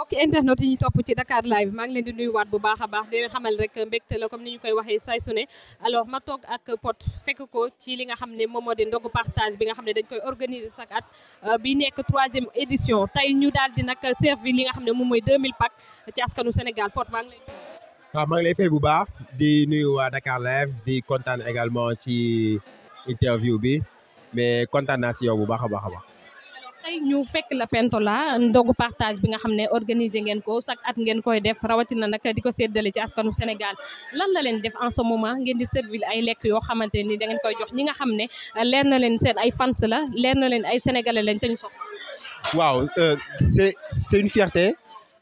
mbokk internet yi ñu topp ci Dakar live maa ngi leen di nuyuwaat bu baax a baax di leen xamal rek mbégte la comme ni ñu koy waxee say su ne alors ma toog ak pot fekk ko ci li nga xam ne moom moo di ndogu partage bi nga xam ne dañ koy organiser chaque at euh, bi nekk troisième édition tey ñu daal di nag servir li nga xam ne moom mooy 2000 pack ci askanu Sénégal Pod maa ngi lay maa ngi lay fay bu baax di nuyu waa Dakar live di kontaan également ci interview bi mais kontaan naa bu baax a baax baax tey ñu fekk la Pentola ndogu partage bi nga xam ne organisé ngeen ko chaque at ngeen koy def rawatina nag di ko séddale ci askanu Sénégal lan la leen def en ce ngeen di servir ay lekk yoo xamante ni da ngeen koy jox ñi nga xam ne leer na leen seen ay fans la leer na leen ay sénégalais lañ te ñu soxla. waaw euh, c'est c'est une fierté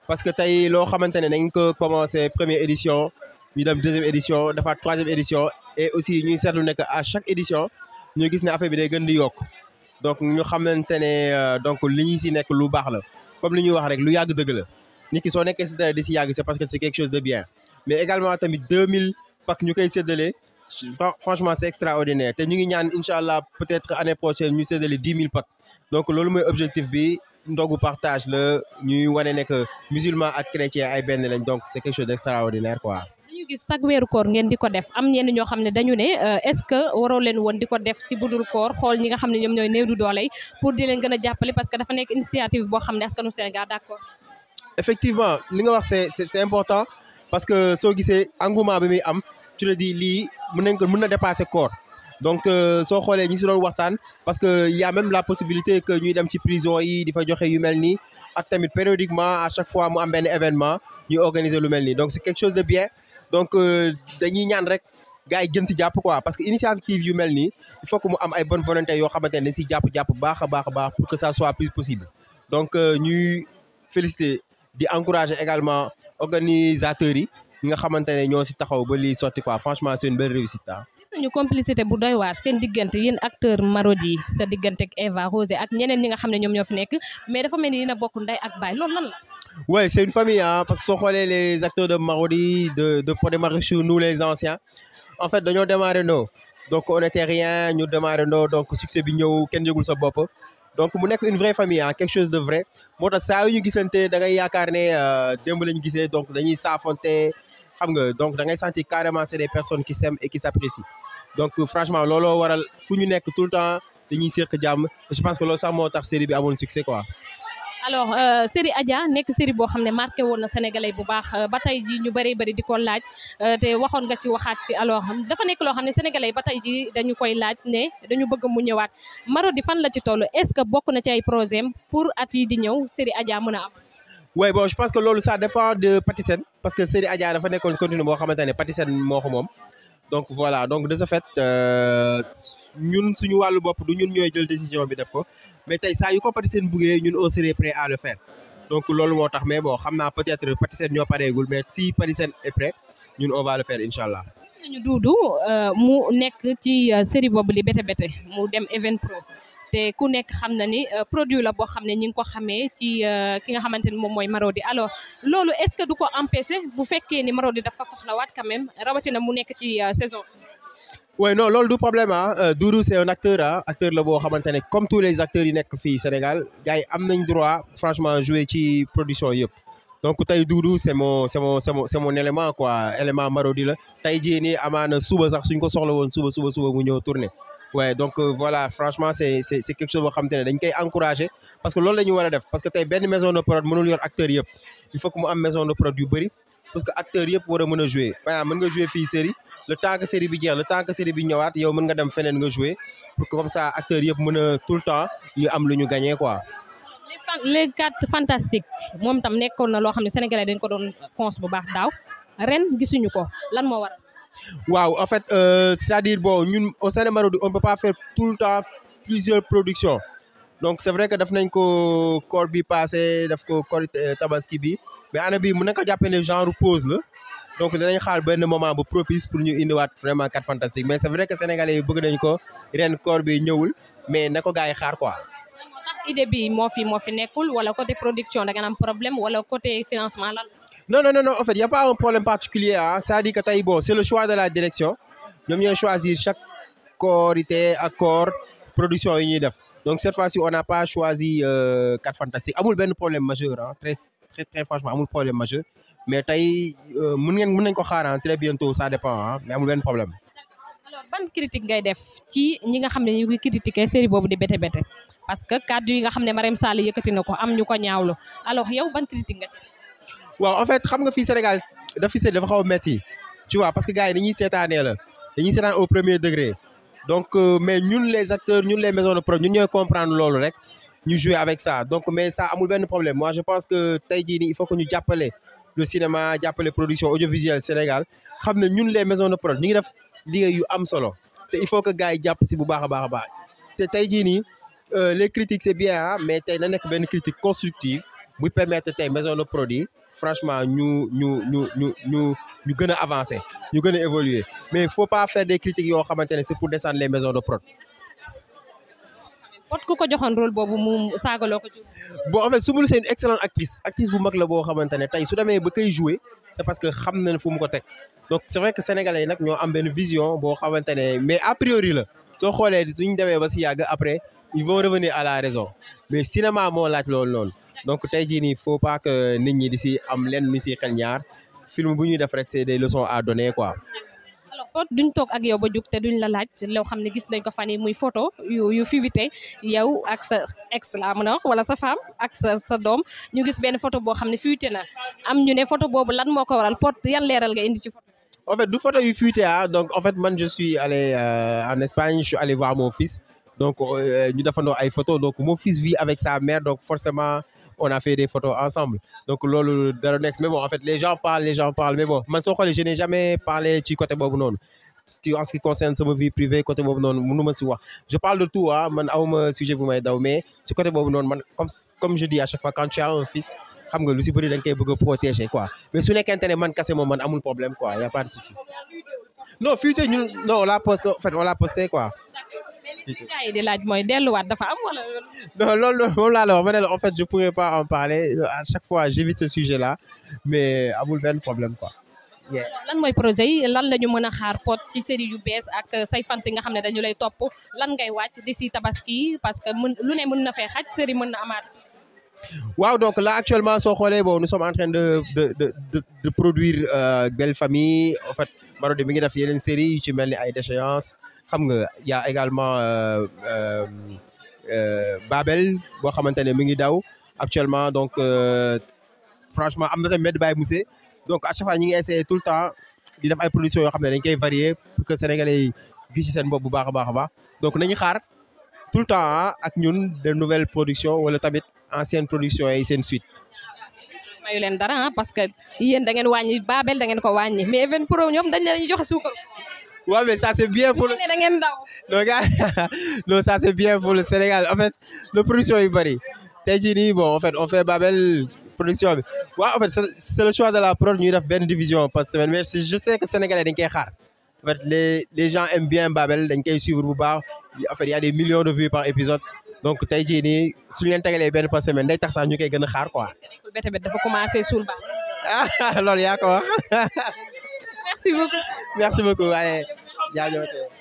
parce que tey loo xamante ne dañ ko commencé première édition ñu dem deuxième édition dafa troisième édition et aussi ñuy seetlu nekk à chaque édition ñu gis ne affaire bi day gën di yokk. donc ñu xamante ne euh, donc li ñu si nekk lu baax la comme lu ñuy wax lu yàgg dëgg la nit ki soo nekkee si dara di si yàgg c'est parce que c'est quelque chose de bien mais également tamit 2000 packs ñu koy séddale franchement c'est extraordinaire te ñu ngi ñaan incha allah peut-être année prochaine ñu séddale 10 000 packs donc loolu mooy objectif bi ndogu partage la ñuy wane ne que musulman ak chrétien ay benn lañ donc c'est quelque chose d'extraordinaire quoi. dañuy gis chaque weeru koor ngeen di ko def am ñenn ñoo xam ne dañu ne euh, est-ce que waroo leen woon di ko def ci budul koor xool ñi nga xam ne ñoom ñooy néew du pour di leen gën a jàppale parce que dafa nekk initiative boo xam ne askanu Sénégal d'accord effectivement li nga wax c'est c'est important parce que soo gisee engouement bi muy am tu lii mën nañ ko mën na dépasser donc euh, soo xoolee ñi si doon waxtaan parce que y a la possibilité que ñuy dem ci prison yi di fa joxe yu mel nii ak tamit périodiquement chaque fois mu am benn événement ñuy organiser lu mel nii donc c'est quelque chose donc euh, dañuy ñaan rek gars yi gën si jàpp quoi parce que initiative yu mel nii il mu am ay bon volonté yoo xamante ne si jàpp jàpp baax a baax a baax pour que ça soit plus possible donc euh, ñuy féliciter di encourager également organisateurs yi ñi nga xamante ne ñoo si taxaw ba lii sotti quoi franchement c'est une belle réussite ah. gis nañu complicité bu doy waar seen diggante yéen acteur Marodi sa diggante ak Eva Rosé ak ñeneen ñi nga xam ne ñoom ñoo fi nekk mais dafa mel ni dina bokk ndey ak baay loolu lan la. Ouais, c'est une famille, hein, parce que soo xoolee les acteurs de Marodi de de Pod et Marichou nous les anciens en fait dañoo démarré ndoo donc on était rien ñu démarré ndoo donc succès bi ñëw kenn yëgul sa bopp donc mu nekk une vraie famille ah quelque chose de vrai moo tax saa yu ñu gisante da ngay yaakaar ne euh, démb la ñu gisee donc dañuy saafonte xam nga donc da ngay sentir carrément c'est des personnes qui s'aiment et qui s'apprécient donc euh, franchement looloo waral fu ñu nekk tout le temps dañuy séq jàmm je pense que loolu sax moo tax série bi amoon succès quoi alors euh, série Adja nekk série boo xam ne marqué woon na sénégalais bu baax euh, ba tey ji ñu bare bëri di ko laaj euh, te waxoon nga ci waxaat ci alors dafa nekk loo xam ne sénégalais ba tey ji dañu koy laaj ne dañu bëgg mu ñëwaat Marodi fan la ci toll est-ce que bokk na ci ay projet pour at yi di ñëw série Adja mën a am. oui bon je pense que loolu sax dépend de Patisen parce que série Adja dafa nekkoon continue boo xamante ne Patisen moo ko moom donc voilà donc de fait. ñun suñu wàllu bopp du ñun ñooy jël décision bi def ko mais tey saa yu ko Patisen buggee ñun on serait prêt à le faire donc loolu moo tax mais boo xam naa peut-être Patisen ñoo pareegul mais si Patisen est prêt ñun on va le faire incha allah. Euh, mu nekk ci euh, série boobu li bete bete mu dem event pro te ku nekk xam na ni euh, produit la boo xam ne ñi ngi ko xamee ci ki nga xamante ni moom mooy Marodi alors loolu est-ce que du ko empêcher bu fekkee ni Marodi daf ko soxlawaat quand même rawatina mu nekk ci saison. oui non loolu du problème ah euh, Doudou c'est un acteur ah acteur la boo xamante ne comme tous les acteurs yi nekk fii Sénégal gars yi am nañ droit franchement jouer ci production yëpp donc tey Doudou c'est mon c'est mon c'est mon c'est mon élément quoi élément Marodi la tey jii suba sax suñ ko soxla woon suba suba suba mu ñëw donc euh, voilà franchement c'est c'est c'est quelque dañ koy encourager parce que loolu ñu war a def parce que tey benn maison de prod mënul yor acteurs yëpp il faut que mu am maison de prod yu bëri a mën a jouer par exemple le temps que série bi jeex le temps que série bi ñëwaat yow mën nga dem feneen nga jouer pour que comme ça acteurs yëpp mën a tout le temps ñu am lu ñu gagné quoi. les quatre fantastique moom tam nekkoon na loo xam ne sénégalais dañ ko doon cons bu baax daaw ren gisuñu ko lan moo waral. waaw en fait euh, c'est-à-dire bon ñun au sein de on peut pas faire tout le temps plusieurs productions donc c'est vrai que daf nañ ko koor bi passé daf ko koor euh, tabaski bi mais année bi mën na ko jàppee ne genre pause donc dinañ xaar benn moment bu propice pour ñu indiwaat vraiment quatre fantastiques mais c'est vrai que sénégalais yi bëgg nañ ko ren koor bi ñëwul mais na ko gars yi xaar koi idée bi moo fi moo fi nekkul wala côté production da nga problème wala côté financement lan. non non non en fait a pas un problème particulier ah c'est-à-dire que tey bon c'est le choix de la direction ñoom ñooy choisir chaque korité ak koor production yi ñuy def donc cette fois-ci on n'a pas choisi euh, quatre fantastiques benn problème majeur ah très très très mais tey euh, mën ngeen mën nañ ko xaaraan très bientôt ça dépend ah amul benn problème. ban critique ngay def ci ñi nga xam ne ñu ngi critiquer série boobu di Bété Bété parce que kàddu yi nga xam ne Marème Sall ko am ñu ko ñaawlu alors yow ban critique nga def. waaw en fait xam nga fii Sénégal dafa dafa xaw a métti tu parce que gars yi dañuy seetaanee la seetaan au premier degré donc euh, mais ñun les acteurs ñun les maisons de production loolu rek ñu jouer avec ça donc mais ça amul benn problème moi je pense que tey jii nii il faut que ñu jàppale. le cinéma jàppale production audiovisuelle Sénégal xam ne ñun les maison de prod ñu ngi def liggéey am solo te il faut que gars yi jàpp si bu baax a baax a te tey jii nii euh, les critiques c'est bien mais tey na nekk benn critique constructive buy permettre tey maison de produit franchement ñu ñu ñu ñu ñu ñu gën a avancer ñu gën a évoluer mais il faut pas faire des critiques yoo xamante ne c'est pour descendre les maisons de prod ot ku ko joxoon rôle boobu mu saagaloo ko ci. bon en fait Soumboulou c'est une excellente actrice actrice bu mag la boo xamante ne tey su demee ba koy jouer c'est parce que xam na ne fu mu ko teg donc c'est vrai que sénégalais yi nag ñoo am benn vision boo xamante ne mais a priori la soo xoolee suñu demee ba si yàgg après ils vont revenir à la raison mais cinéma moo laaj loolu noonu donc tey jii nii faut pas que nit ñi di si am len lu si xel ñaar film bu ñuy def rek c'est des leçons à quoi. alors kon duñ toog ak yow ba jug te duñ la laaj loo xam ne gis nañ ko fan yi muy photo yu yu fuité yow ak sa ex laa a wala sa femme ak sa sa doom ñu gis benn photo boo xam ne fuité na am ñu ne photo boobu lan moo ko waral porte yan leeral nga indi ci photo en fait du photo yu fuité ah donc en fait man je suis allé euh, en Espagne je suis allé voir donc euh, ñu defandoo ay photo donc mon fils vit avec sa mère donc forcément on fait des photos ensemble donc loolu dara nekk bon en fait les gens parlent les gens parlent mais bon man soo je n'ai jamais parlé ci côté boobu noonu en ce qui concerne sama vie privée côté boobu noonu ma si wax je parle de tout ah man awma sujet bu daw mais si côté boobu noonu comme je dis à chaque fois quand tu as un fils xam nga lu si bëri nga koy bëgg a mais su nekkente ne man kese moom man amul problème quoi y a de souci non fuité gars yi di laaj mooy delluwaat la wax ma ne la en fait je pourrais pas en parler à chaque fois j'évite ce sujet là mais amul benn problème quoi. lan mooy projet lan la ñu a xaar pot ci série yu bees ak say fans yi nga xam ne dañu lay topp lan ngay wàcc d'ici tabaski parce que mën lu ne mën na fee xaj série man na amaat. waaw donc là actuellement soo xoolee bon nous sommes en train de produire euh, Belle Famille en fait. Marodi mi ngi def yeneen série yu ci mel ni ay déchéance xam nga y a également euh, euh, euh, Babel boo xamante ne mi ngi daw actuellement donc franchement am na tamit Med Baye Moussé donc a chaque fois ñi ngi essayer tout le temps di def ay production yoo xam ne dañ koy varier pour que sénégalais yi gis ci seen bopp bu baax a baax a baax donc nañu xaar tout le temps ah, ak ñun de nouvelles production wala tamit anciennes productions yi seen suite. mayu leen dara parce que yéen da ngeen wàññi Babel da ngeen ko wàññi mais Even Pro ñoom dañ leen joxe suukar. waaw mais ça c'est c'est bien pour Sénégal en fait le production yu bëri tey jii bon en fait on fait Babel production bi waaw en fait c'est le choix de la prod ñuy def benn division par que sénégalais dañ xaar. En fait, les, gens aiment bien Babel, ils suivent En fait, il y a des millions de vues par épisode. donc tey jii nii suñu leen tegalee benn par semaine day tax sax ñu koy gën a xaar quoi. bete bete dafa commencé suul ba. lool loolu yaa ko wax. merci beaucoup. merci beaucoup waaye